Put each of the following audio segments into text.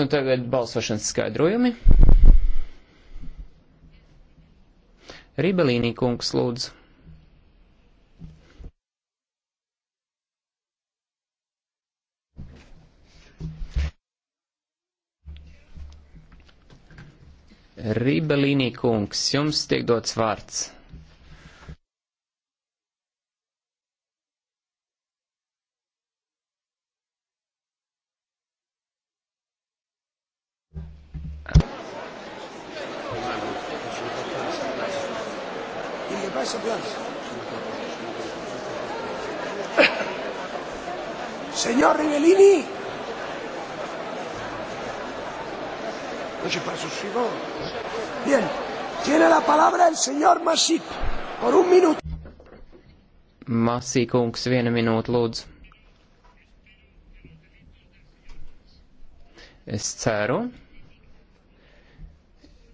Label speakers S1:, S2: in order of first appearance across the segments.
S1: Un tagad balsošanas skaidrojumi. Ribelīnī kungs lūdzu. Ribelīnī kungs, jums tiek dots vārds.
S2: eso qué es? Señor Rivellini. No se para sus hijos. Bien, tiene la palabra el señor Masip por un minuto.
S1: Masī kungs, viena minūte lūdzu. Es ceru.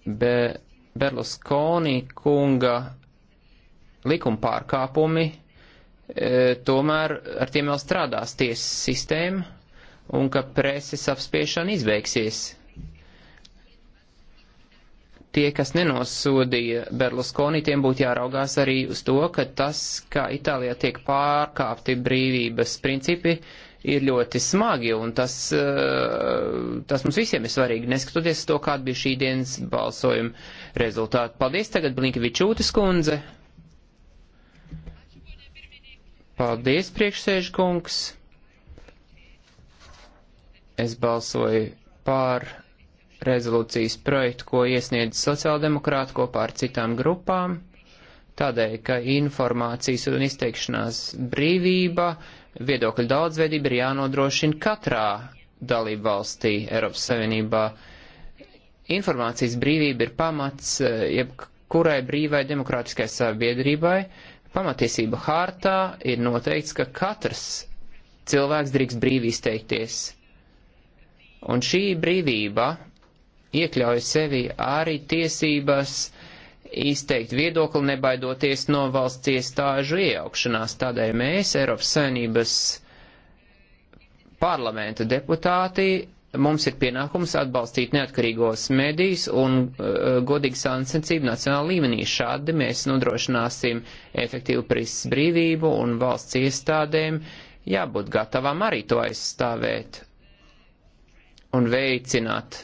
S1: Be Berluskoni kunga likuma pārkāpumi, e, tomēr ar tiem vēl strādās tiesas sistēma un ka preses apspiešana izbeigsies. Tie, kas nenosodīja Berluskoni, tiem būtu jāraugās arī uz to, ka tas, kā Itālijā tiek pārkāpti brīvības principi, ir ļoti smagi, un tas, e, tas mums visiem ir svarīgi, neskatoties to, kāda bija šī dienas balsojuma rezultāti. Paldies tagad, Blinkevičūtas kundze! Paldies, priekšsēžkungs. Es balsoju pār rezolūcijas projektu, ko iesniedz sociāldemokrāti kopā ar citām grupām, tādēļ, ka informācijas un izteikšanās brīvība, viedokļu daudzveidība ir jānodrošina katrā dalību valstī Eiropas Savienībā. Informācijas brīvība ir pamats eh, jebkurai brīvai demokrātiskai sabiedrībai. Uh, Pamatiesība hārtā ir noteikts, ka katrs cilvēks drīkst brīvi izteikties. Un šī brīvība iekļauj sevi arī tiesības izteikt viedokli, nebaidoties no valsts iestāžu iejaukšanās. Tādēļ mēs, Eiropas Savienības parlamenta deputāti, mums ir pienākums atbalstīt neatkarīgos medijus un uh, godīgu sāncensību nacionāla līmenī. Šādi mēs nodrošināsim efektīvu prisas brīvību un valsts iestādēm jābūt gatavām arī to aizstāvēt un veicināt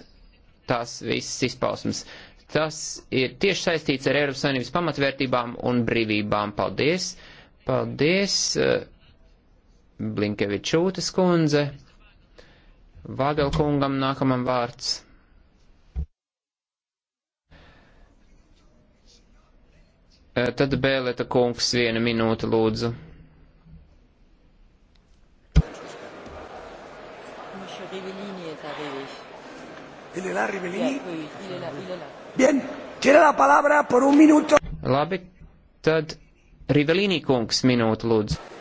S1: tās visas izpausmes. Tas ir tieši saistīts ar Eiropas Savienības pamatvērtībām un brīvībām. Paldies! Paldies, uh, Blinkevičūtas kundze! Vāgelkungam nākamam vārds. E, tad Bēleta kungs viena minūte lūdzu.
S2: Il est là, Rivellini?
S3: Oui, il est là, il est là.
S2: Bien, tiene la palabra por un minuto.
S1: Labi, tad Rivellini kungs minūte lūdzu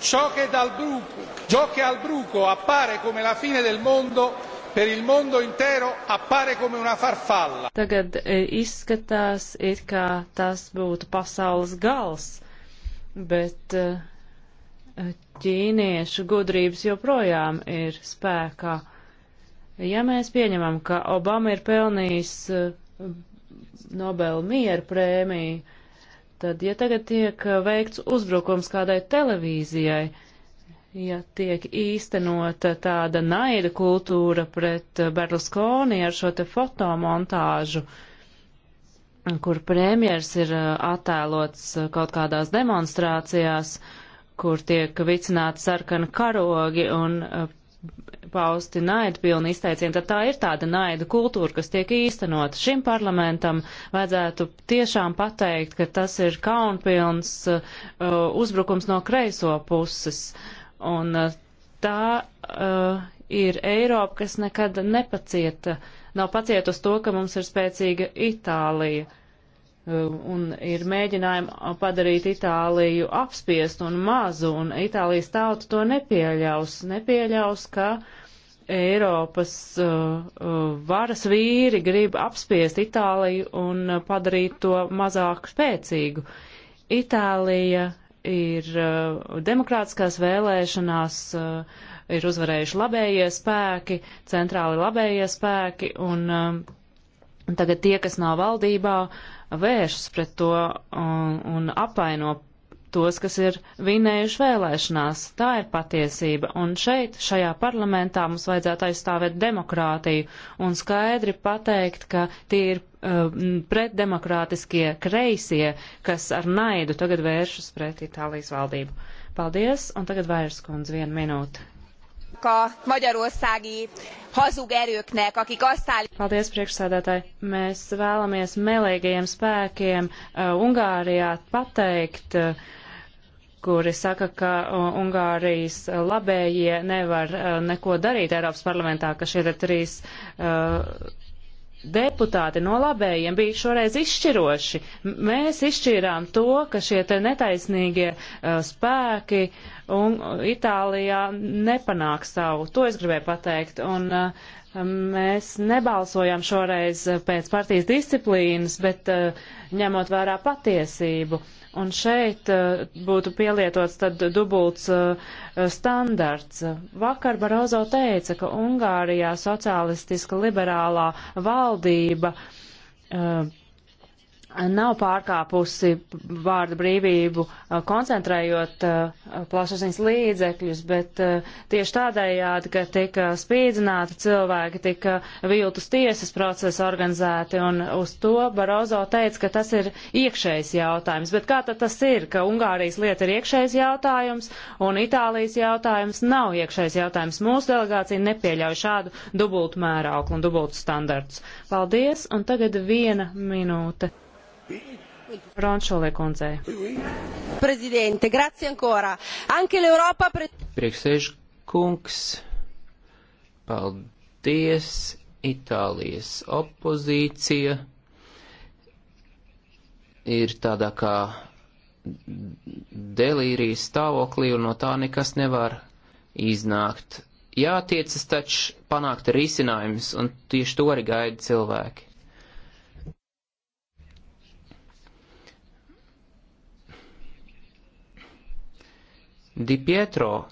S3: ciò che al bruco appare come la fine del mondo per il mondo intero appare come una farfalla. Tagad e, izskatās, it kā tas būtu pasaules gals, bet e, e, ķīniešu gudrības joprojām ir spēkā. Ja mēs pieņemam, ka Obama ir pelnījis Nobel mieru prēmiju, Tad, ja tagad tiek uh, veikts uzbrukums kādai televīzijai, ja tiek īstenota tāda naida kultūra pret uh, Berluskoni ar šo te fotomontāžu, kur premjers ir uh, attēlots kaut kādās demonstrācijās, kur tiek vicināti sarkani karogi un pausti naidu pilni izteicieni, tad tā ir tāda naida kultūra, kas tiek īstenot. Šim parlamentam vajadzētu tiešām pateikt, ka tas ir kaunpilns uh, uzbrukums no kreiso puses. Un uh, tā uh, ir Eiropa, kas nekad nepacieta, nav pacietusi to, ka mums ir spēcīga Itālija. Uh, un ir mēģinājumi padarīt Itāliju apspiest un mazu, un Itālijas tauta to nepieļaus. Nepieļaus, ka Eiropas uh, uh, varas vīri grib apspiest Itāliju un padarīt to mazāk spēcīgu. Itālija ir uh, demokrātiskās vēlēšanās, uh, ir uzvarējuši labējie spēki, centrāli labējie spēki, un uh, Un tagad tie, kas nav valdībā, vēršas pret to un, un apaino tos, kas ir vinējuši vēlēšanās. Tā ir patiesība. Un šeit, šajā parlamentā, mums vajadzētu aizstāvēt demokrātiju un skaidri pateikt, ka tie ir uh, pretdemokrātiskie kreisie, kas ar naidu tagad vēršas pret Itālijas valdību. Paldies, un tagad vairs kundze vienu minūti
S1: azoknak a magyarországi
S3: hazug erőknek, akik azt állítják. Paldies, priekšsēdētāji. Mēs vēlamies melīgajiem spēkiem uh, Ungārijā pateikt, uh, kuri saka, ka eh, Ungārijas labējie nevar neko darīt Eiropas parlamentā, ka šie ir trīs uh, deputāti no labējiem bija šoreiz izšķiroši. Mēs izšķīrām to, ka šie te netaisnīgie uh, spēki un uh, Itālijā nepanāk savu. To es gribēju pateikt. Un, uh, Mēs nebalsojam šoreiz uh, pēc partijas disciplīnas, bet uh, ņemot vērā patiesību. Uh, Un šeit uh, būtu pielietots tad dubults uh, eh, standarts. Vakar Barozo teica, ka Ungārijā socialistiska liberālā valdība uh, nav pārkāpusi vārda brīvību, koncentrējot plašsaziņas līdzekļus, bet tieši tādējādi, ka tika spīdzināti cilvēki, tika viltus tiesas procesi organizēti, un uz to Barozo teica, ka tas ir iekšējs jautājums. Bet kā tad tas ir, ka Ungārijas lieta ir iekšējs jautājums, un Itālijas jautājums nav iekšējs jautājums? Mūsu delegācija nepieļauj šādu dubultu mērauklu un dubultu standartus. Paldies, un tagad viena minūte. Rončolē kundzē. Prezidente, grazie ancora. Anche l'Europa... Pre...
S1: Priekšsēž kungs, paldies, Itālijas opozīcija ir tādā kā delīrijas stāvoklī un no tā nekas nevar iznākt. Jātiecas taču panākt risinājums, un tieši to arī gaida cilvēki. Di Pietro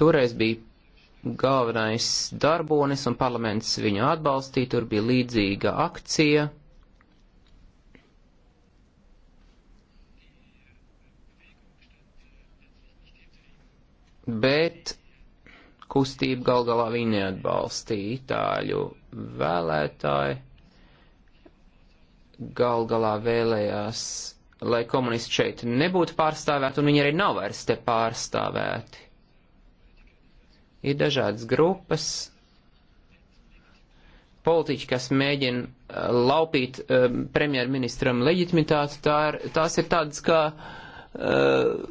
S1: toreiz bija galvenais darbonis un parlaments viņu atbalstīja, tur bija līdzīga akcija. Bet kustību gal galā viņi neatbalstīja itāļu vēlētāji. Gal galā vēlējās lai komunisti šeit nebūtu pārstāvēti, un viņi arī nav vairs te pārstāvēti. Ir dažādas grupas, politiķi, kas mēģina uh, laupīt um, premjerministram leģitimitāti, tā ir, tās ir tādas kā uh,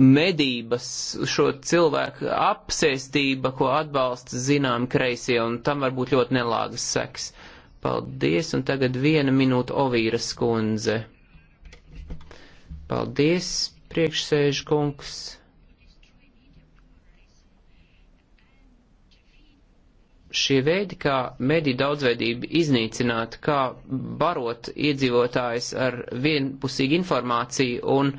S1: medības, šo cilvēku apsēstība, ko atbalsta zinām kreisie, un tam var būt ļoti nelāgas seks. Paldies, un tagad viena minūte Ovīras kundze. Paldies, priekšsēžu kungs. Šie veidi, kā mediju daudzveidību iznīcināt, kā barot iedzīvotājs ar vienpusīgu informāciju un e,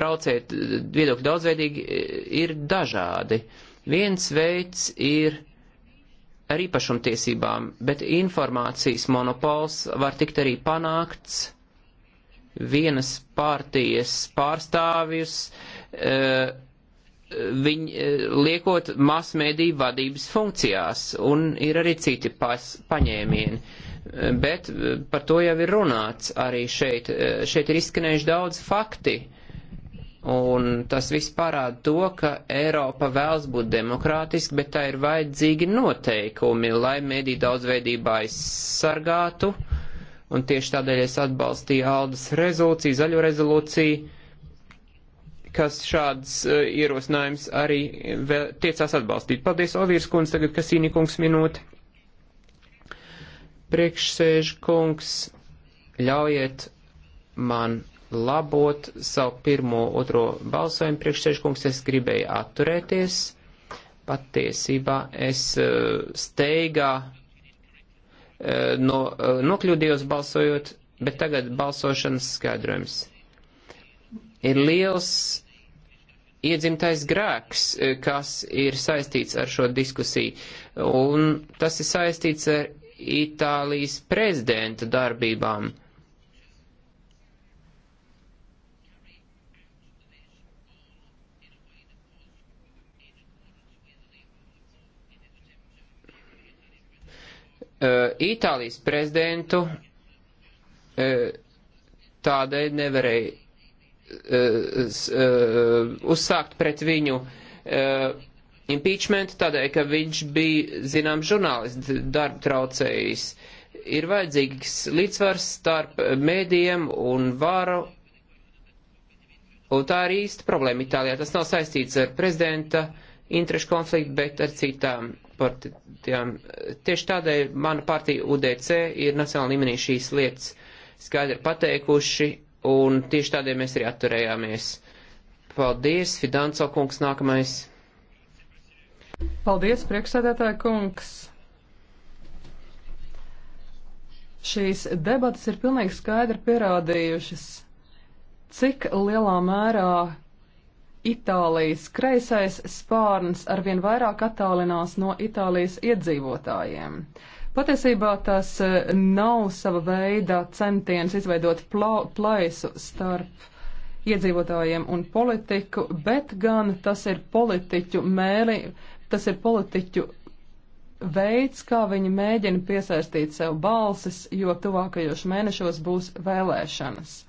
S1: traucēt viedokļu daudzveidīgi, e, ir dažādi. Viens veids ir ar īpašumtiesībām, bet informācijas monopols var tikt arī panākts vienas partijas pārstāvjus, eh, viņi eh, liekot masmediju vadības funkcijās, un ir arī citi pas, paņēmieni. Eh, bet par to jau ir runāts arī šeit. Šeit ir izskanējuši daudz fakti. Un tas viss parāda to, ka Eiropa vēlas būt demokrātiska, bet tā ir vajadzīgi noteikumi, lai mediju daudzveidībā aizsargātu uh, un tieši tādēļ es atbalstīju Aldas rezolūciju, zaļo rezolūciju, kas šāds uh, ierosinājums arī e, vēl tiecās atbalstīt. Paldies, Ovīrs kungs, tagad Kasīni kungs minūte. Priekšsēž kungs, ļaujiet man labot savu pirmo, otro balsojumu. Priekšsēž kungs, es gribēju atturēties. Patiesībā es uh, steigā Eh, no, eh, nokļūdījos balsojot, bet tagad balsošanas skaidrojums. Ir liels iedzimtais grēks, eh, kas ir saistīts ar šo diskusiju, un tas ir saistīts ar Itālijas prezidenta darbībām. Uh, Eh, Itālijas prezidentu eh, tādēļ nevarēja eh, uzsākt pret viņu impeachment, tādēļ, ka viņš bija, zinām, žurnālists darba traucējis. Ir vajadzīgs līdzsvars starp mēdiem un varu, un tā ir īsta problēma Itālijā. Tas nav saistīts ar prezidenta interešu konfliktu, bet ar citām partijām. Tieši tādēļ mana partija UDC ir nacionāla līmenī šīs lietas skaidri pateikuši, un tieši tādēļ mēs arī atturējāmies. Paldies, Fidanco kungs, nākamais.
S2: Paldies, priekšsēdētāja kungs. Šīs debatas ir pilnīgi skaidri pierādījušas, cik lielā mērā Itālijas kreisais spārns arvien vairāk attālinās no Itālijas iedzīvotājiem. Patiesībā tas e, nav sava veida centiens izveidot plaisu starp iedzīvotājiem un politiku, bet gan tas ir politiķu mēli, tas ir politiķu veids, kā viņi mēģina piesaistīt sev balsis, jo tuvākajos mēnešos būs vēlēšanas.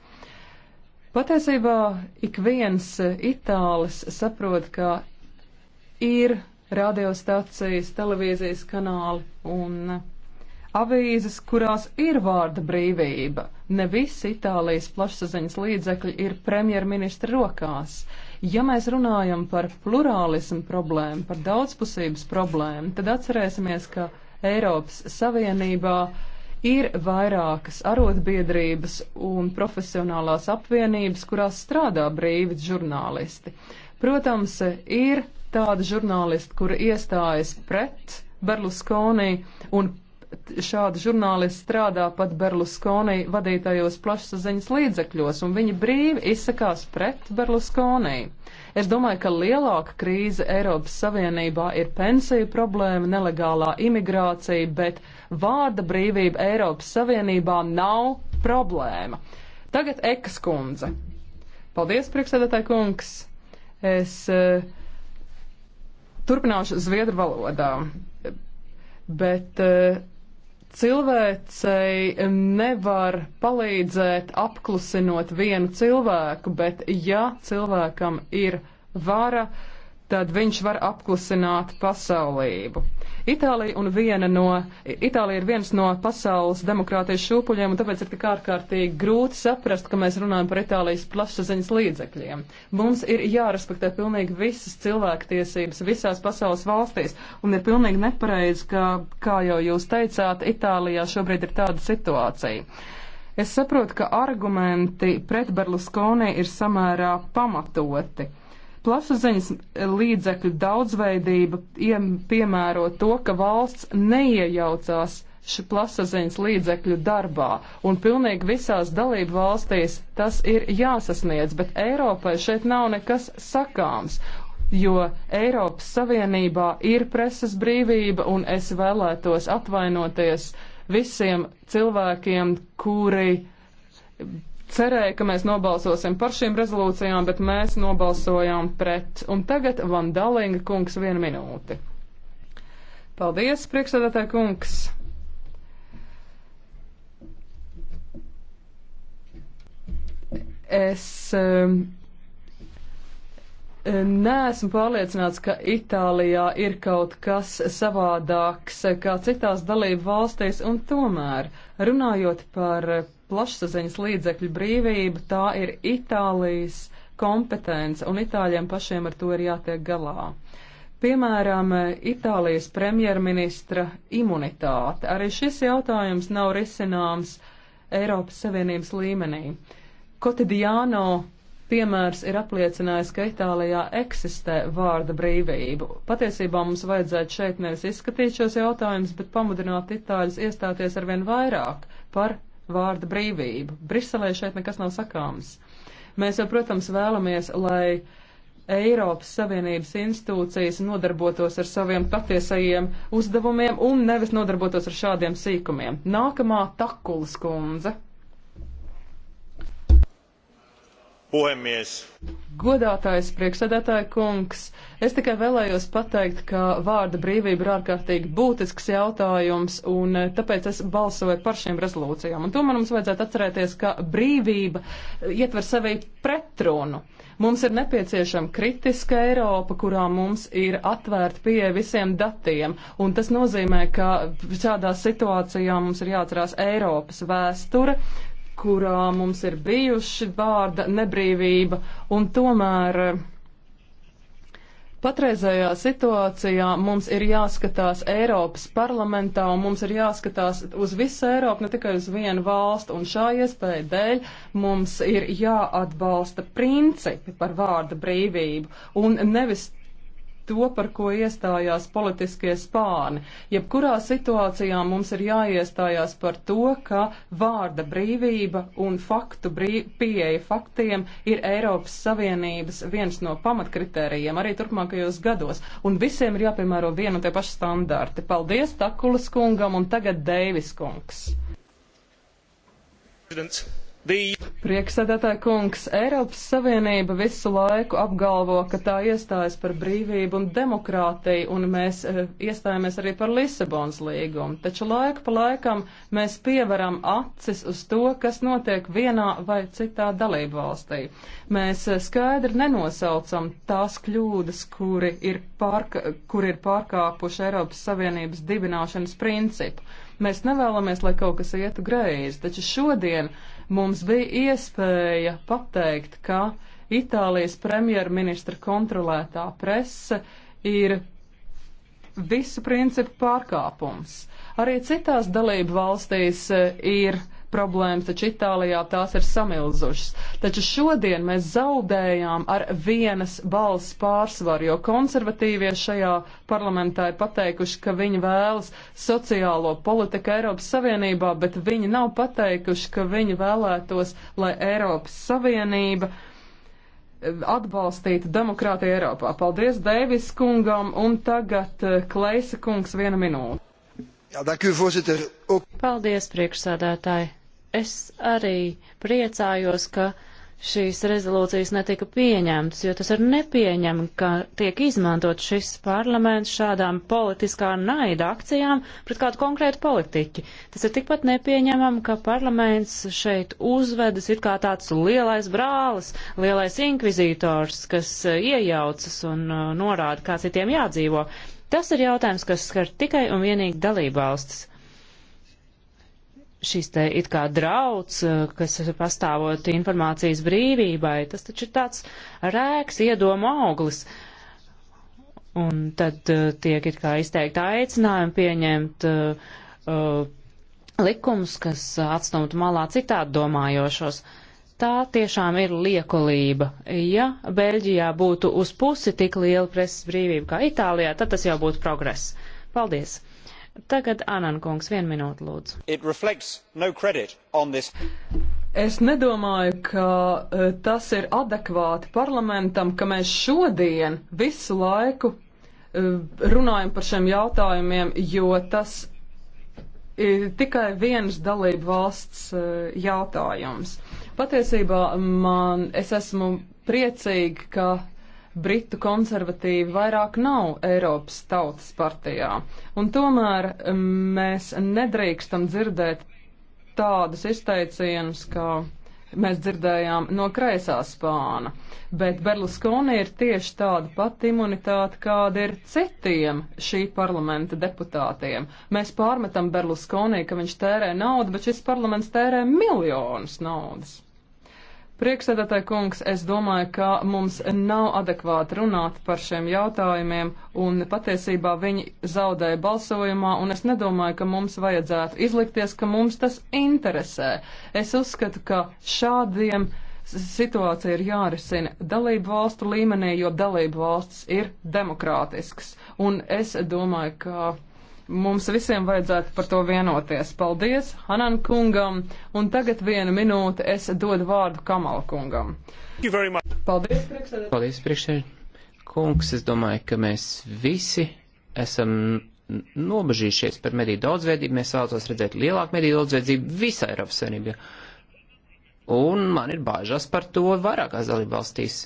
S2: Patiesībā ik viens eh, itālis saprot, ka ir radiostacijas, televīzijas kanāli un eh, avīzes, kurās ir vārda brīvība. Ne visi Itālijas plašsaziņas līdzekļi ir premjerministra rokās. Ja mēs runājam par plurālismu problēmu, par daudzpusības problēmu, tad atcerēsimies, ka Eiropas Savienībā uh, Ir vairākas arotbiedrības un profesionālās apvienības, kurās strādā brīvi žurnālisti. Protams, ir tāda žurnālista, kura iestājas pret Berluskonī un šādi žurnālisti strādā pat Berluskonī vadītajos plašsaziņas līdzekļos, un viņi brīvi izsakās pret Berluskonī. Es domāju, ka lielāka krīze Eiropas Savienībā ir pensiju problēma, nelegālā imigrācija, bet vārda brīvība Eiropas Savienībā nav problēma. Tagad Ekas kundze. Paldies, priekšsēdētāji kungs. Es uh, turpināšu zviedru valodā. Bet uh, Cilvēcei nevar palīdzēt apklusinot vienu cilvēku, bet ja cilvēkam ir vara, tad viņš var apklusināt pasaulību. Itālija, un viena no, Itālija ir viens no pasaules demokrātijas šūpuļiem, un tāpēc ir tik ārkārtīgi grūti saprast, ka mēs runājam par Itālijas plašsaziņas līdzekļiem. Mums ir jārespektē pilnīgi visas cilvēktiesības visās pasaules valstīs, un ir pilnīgi nepareizi, ka, kā jau jūs teicāt, Itālijā šobrīd ir tāda situācija. Es saprotu, ka argumenti pret Berluskoni ir samērā pamatoti. Plašsaziņas līdzekļu daudzveidība piemēro to, ka valsts neiejaucās šī plašsaziņas līdzekļu darbā, un pilnīgi visās dalību valstīs tas ir jāsasniedz, bet Eiropai šeit nav nekas sakāms, jo Eiropas Savienībā ir preses brīvība, un es vēlētos atvainoties visiem cilvēkiem, kuri cerēja, ka mēs nobalsosim par šīm rezolūcijām, bet mēs nobalsojām pret. Un tagad Van Dalinga kungs vienu minūti. Paldies, priekšsēdētāja kungs! Es um, Neesmu pārliecināts, ka Itālijā ir kaut kas savādāks kā citās dalību valstīs, un tomēr runājot par plašsaziņas līdzekļu brīvība, tā ir Itālijas kompetence, un Itāļiem pašiem ar to ir jātiek galā. Piemēram, Itālijas premjerministra imunitāte. Arī šis jautājums nav risināms Eiropas Savienības līmenī. Kotidiāno piemērs ir apliecinājis, ka Itālijā eksistē vārda brīvība. Patiesībā mums vajadzētu šeit nevis izskatīt šos jautājumus, bet pamudināt Itāļus iestāties arvien vairāk par vārda brīvību. Briselē šeit nekas nav sakāms. Mēs jau, protams, vēlamies, lai Eiropas Savienības institūcijas nodarbotos ar saviem patiesajiem uzdevumiem un nevis nodarbotos ar šādiem sīkumiem. Nākamā takulas kundze. puhemies. Godātais priekšsēdētāja kungs, es tikai vēlējos pateikt, ka vārda brīvība ir ārkārtīgi būtisks jautājums, un eh, tāpēc es balsoju par šīm rezolūcijām. Un tomēr mums vajadzētu atcerēties, ka brīvība eh, ietver sevī pretrunu. Mums ir nepieciešama kritiska Eiropa, kurā mums ir atvērta pieeja visiem datiem, un tas nozīmē, ka šādā situācijā mums ir jāatcerās Eiropas vēsture, kurā mums ir bijuši vārda nebrīvība, un tomēr patreizējā situācijā mums ir jāskatās Eiropas parlamentā, un mums ir jāskatās uz visu Eiropu, ne tikai uz vienu valstu, un šā iespēja dēļ mums ir jāatbalsta principi par vārda brīvību, un nevis to, par ko iestājās politiskie spāni. Jebkurā situācijā mums ir jāiestājās par to, ka vārda brīvība un faktu brīv, pieeja faktiem ir Eiropas Savienības viens no pamatkritērijiem arī turpmākajos gados. Un visiem ir jāpiemēro vienu un tie paši standarti. Paldies Takulas kungam un tagad Deivis kungs. Presidents. Prieksēdētāja kungs, Eiropas Savienība visu laiku apgalvo, ka tā iestājas par brīvību un demokrātiju, un mēs e, iestājāmies arī par Lisabonas līgumu. Taču laiku pa laikam mēs pievaram acis uz to, kas notiek vienā vai citā dalību valstī. Mēs eh, skaidri nenosaucam tās kļūdas, kuri ir, pārka, kuri ir pārkāpuši Eiropas Savienības dibināšanas principu. Mēs nevēlamies, lai kaut kas ietu greizi, taču šodien Mums bija iespēja pateikt, ka Itālijas premjerministra kontrolētā prese ir visu principu pārkāpums. Arī citās dalību valstīs eh, ir problēmas, taču Itālijā tās ir samilzušas. Taču šodien mēs zaudējām ar vienas balss pārsvaru, jo konservatīvie šajā parlamentā ir pateikuši, ka viņi vēlas sociālo politiku Eiropas Savienībā, bet viņi nav pateikuši, ka viņi vēlētos, lai Eiropas Savienība atbalstīt demokrātiju Eiropā. Paldies Deivis kungam un tagad eh, Kleisa kungs viena minūte.
S1: Jā, dank u voorzitter.
S3: Ook... Paldies priekšsādātāji es arī priecājos, ka šīs rezolūcijas netika pieņemtas, jo tas ir nepieņem, ka tiek izmantot šis parlaments šādām politiskā naida akcijām pret kādu konkrētu politiķi. Tas ir tikpat nepieņemam, ka parlaments šeit uzvedas it kā tāds lielais brālis, lielais inkvizītors, kas uh, iejaucas un uh, norāda, kā citiem jādzīvo. Tas ir jautājums, kas skar tikai un vienīgi dalībvalstis šis te it kā drauds, eh, kas pastāvot informācijas brīvībai, tas taču ir tāds rēks, iedoma auglis. Un tad uh, tiek it kā izteikta aicinājuma pieņemt uh, eh, uh, likums, kas atstumtu malā citādi domājošos. Tā tiešām ir liekulība. Ja Beļģijā būtu uz pusi tik liela preses brīvība kā Itālijā, tad tas jau būtu progress. Paldies! Tagad Anankungs, vienu minūtu lūdzu.
S2: Es nedomāju, ka eh, tas ir adekvāti parlamentam, ka mēs šodien visu laiku eh, runājam par šiem jautājumiem, jo tas ir tikai viens dalību valsts eh, jautājums. Patiesībā man, es esmu priecīgi, ka Britu konservatīvi vairāk nav Eiropas tautas partijā. Un tomēr mm, mēs nedrīkstam dzirdēt tādus izteicienus, kā mēs dzirdējām no kreisā spāna. Bet Berluskoni ir tieši tāda pati imunitāte, kāda ir citiem šī parlamenta deputātiem. Mēs pārmetam Berluskonī, ka viņš tērē naudu, bet šis parlaments tērē miljonus naudas. Priekšsēdētāji kungs, es domāju, ka mums nav adekvāti runāt par šiem jautājumiem, un patiesībā viņi zaudēja balsojumā, un es nedomāju, ka mums vajadzētu izlikties, ka mums tas interesē. Es uzskatu, ka šādiem situācija ir jārisina dalību valstu līmenī, jo dalību valstis ir demokrātisks, un es domāju, ka Mums visiem vajadzētu par to vienoties. Paldies Hanan kungam, un tagad vienu minūti es dodu vārdu Kamala kungam. Paldies, priekšsēdētāji.
S1: Paldies, priekšsēdētāji. Kungs, es domāju, ka mēs visi esam nobežījušies par mediju daudzveidību. Mēs vēlētos redzēt lielāku mediju daudzveidību visā Eiropas Savienībā. Un man ir bāžas par to vairākās dalībvalstīs,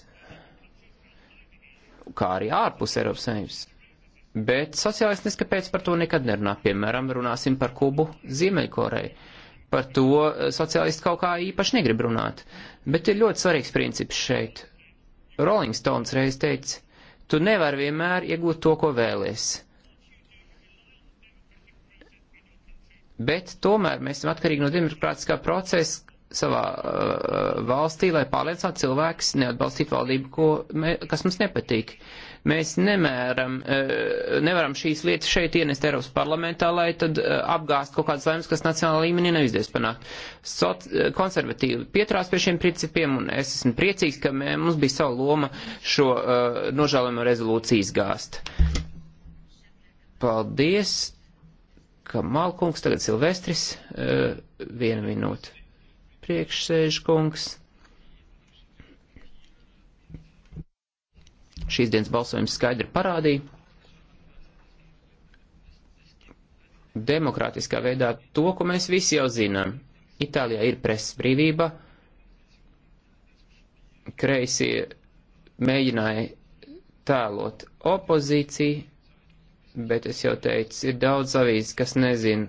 S1: kā arī ārpus Eiropas Savienības Bet sociālisti neskapēc par to nekad nerunā. Piemēram, runāsim par Kubu Ziemeļkoreju. Par to eh, sociālisti kaut kā īpaši negrib runāt. Bet ir ļoti svarīgs princips šeit. Rolling Stones reiz teica, tu nevar vienmēr iegūt to, ko vēlies. Bet tomēr mēs esam atkarīgi no demokrātiskā procesa savā uh, valstī, lai pārliecinātu cilvēks neatbalstīt valdību, ko, me, kas mums nepatīk. Uh, Mēs nemēram, e, nevaram šīs lietas šeit ienest Eiropas parlamentā, lai tad e, apgāst kaut kādas laimes, kas nacionālā līmenī neizdies panākt. Soc e, konservatīvi pieturās pie šiem principiem, un es esmu priecīgs, ka mē, mums bija sava loma šo uh, nožēlojumu rezolūciju izgāst. Paldies, ka Malkungs, tagad Silvestris, uh, viena minūte. Priekšsēžkungs. Šīs dienas balsojums skaidri parādīja. Demokrātiskā veidā to, ko mēs visi jau zinām. Itālijā ir presas brīvība. Kreisie mēģināja tēlot opozīciju, bet es jau teicu, ir daudz avīzes, kas nezin,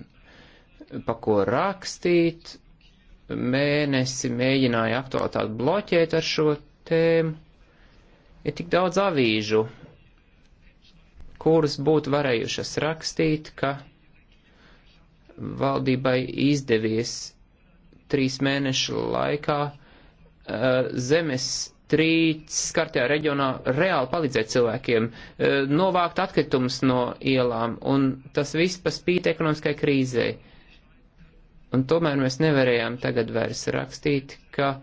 S1: pa ko rakstīt. Mēnesi mēģināja aktualitāti bloķēt ar šo tēmu. Ir tik daudz avīžu, kuras būtu varējušas rakstīt, ka valdībai izdevies trīs mēnešu laikā uh, zemes trīts skartajā reģionā reāli palīdzēt cilvēkiem, uh, novākt atkritumus no ielām, un tas viss pa spīti ekonomiskai krīzē. Un tomēr mēs nevarējām tagad vairs rakstīt, ka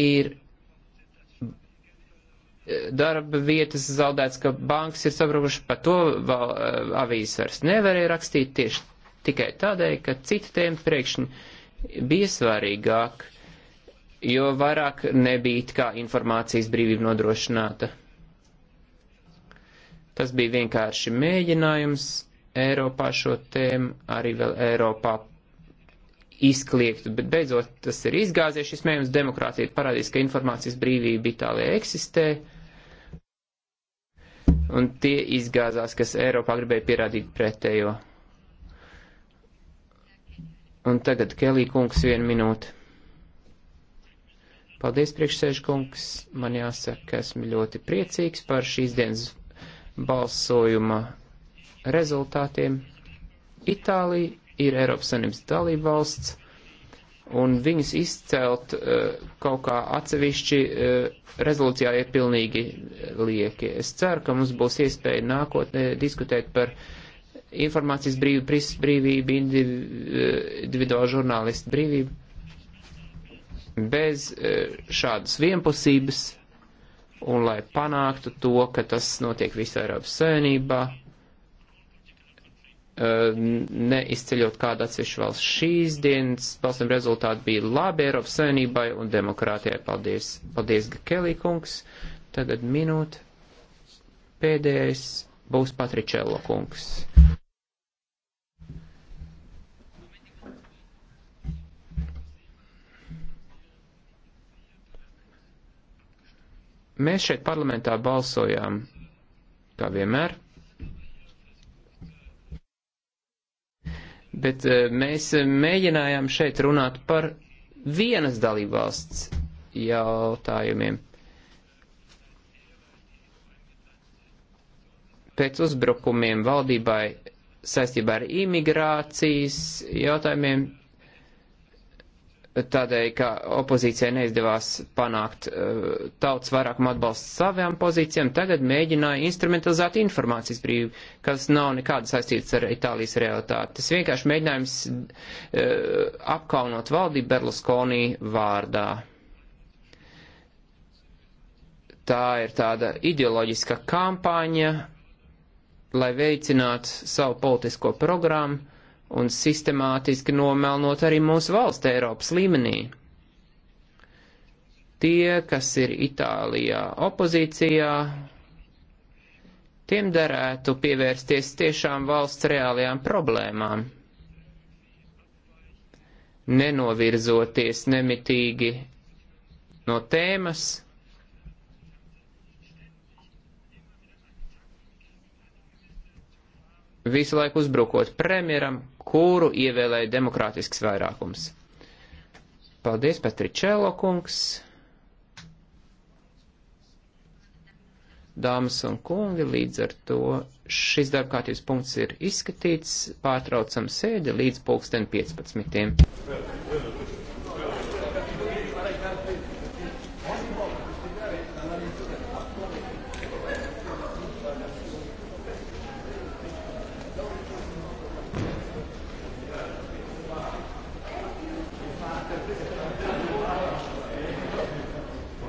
S1: ir darba vietas zaudēts, ka bankas ir sabrukuši, par to vēl eh, avīzes vairs nevarēja rakstīt tieši tikai tādēļ, ka citu tēmu priekšņi bija svarīgāk, jo vairāk nebija it kā informācijas brīvība nodrošināta. Tas bija vienkārši mēģinājums Eiropā šo tēmu, arī vēl Eiropā izkliegtu, bet beidzot tas ir izgāzies, šis mēģinājums demokrātija ir parādījis, ka informācijas brīvība Itālijā eksistē. Uh, un tie izgāzās, kas Eiropā gribēja pierādīt pretējo. Un tagad Kelī kungs vienu minūti. Paldies, priekšsēž kungs. Man jāsaka, ka esmu ļoti priecīgs par šīs dienas balsojuma rezultātiem. Itālija ir Eiropas Savienības dalība valsts un viņus izcelt eh, kaut kā atsevišķi eh, rezolūcijā ir pilnīgi eh, lieki. Es ceru, ka mums būs iespēja nākotnē diskutēt par informācijas brīvību, prisas brīvību, individuālu žurnālistu brīvību. Bez šādas vienpusības un lai panāktu to, ka tas notiek visā Eiropas savienībā, Uh, neizceļot kādu atsevišķu valsts. Šīs dienas balsojuma rezultāti bija labi Eiropas Savienībai un demokrātijai. Paldies, paldies Kelī kungs. Tagad minūte. Pēdējais būs Patričello kungs. Mēs šeit parlamentā balsojām, kā vienmēr, Bet eh, mēs mēģinājām šeit runāt par vienas dalībvalsts jautājumiem. Pēc uzbrukumiem valdībai saistībā ar imigrācijas jautājumiem tādēļ, ka opozīcijai neizdevās panākt uh, e, tautas vairākumu atbalstu savām pozīcijām, tagad mēģināja instrumentalizēt informācijas brīvi, kas nav nekāda saistīts ar Itālijas realitāti. Tas vienkārši mēģinājums uh, apkaunot valdību Berlusconi vārdā. Tā ir tāda ideoloģiska kampaņa, lai veicinātu savu politisko programmu un sistemātiski nomelnot arī mūsu valsts Eiropas līmenī. Tie, kas ir Itālijā opozīcijā, tiem derētu pievērsties tiešām valsts reālajām problēmām, nenovirzoties nemitīgi no tēmas. Visu laiku uzbrukot premjeram, kuru ievēlēja demokrātisks vairākums. Paldies, Patričēlo kungs. Dāmas un kungi, līdz ar to šis darbkārtības punkts ir izskatīts, pārtraucam sēdi līdz pulksten
S3: 15.